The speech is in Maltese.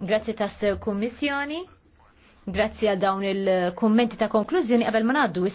Grazzi tas kummissjoni, grazzi għal dawn il-kommenti ta' konklużjoni qabel ma ngħaddu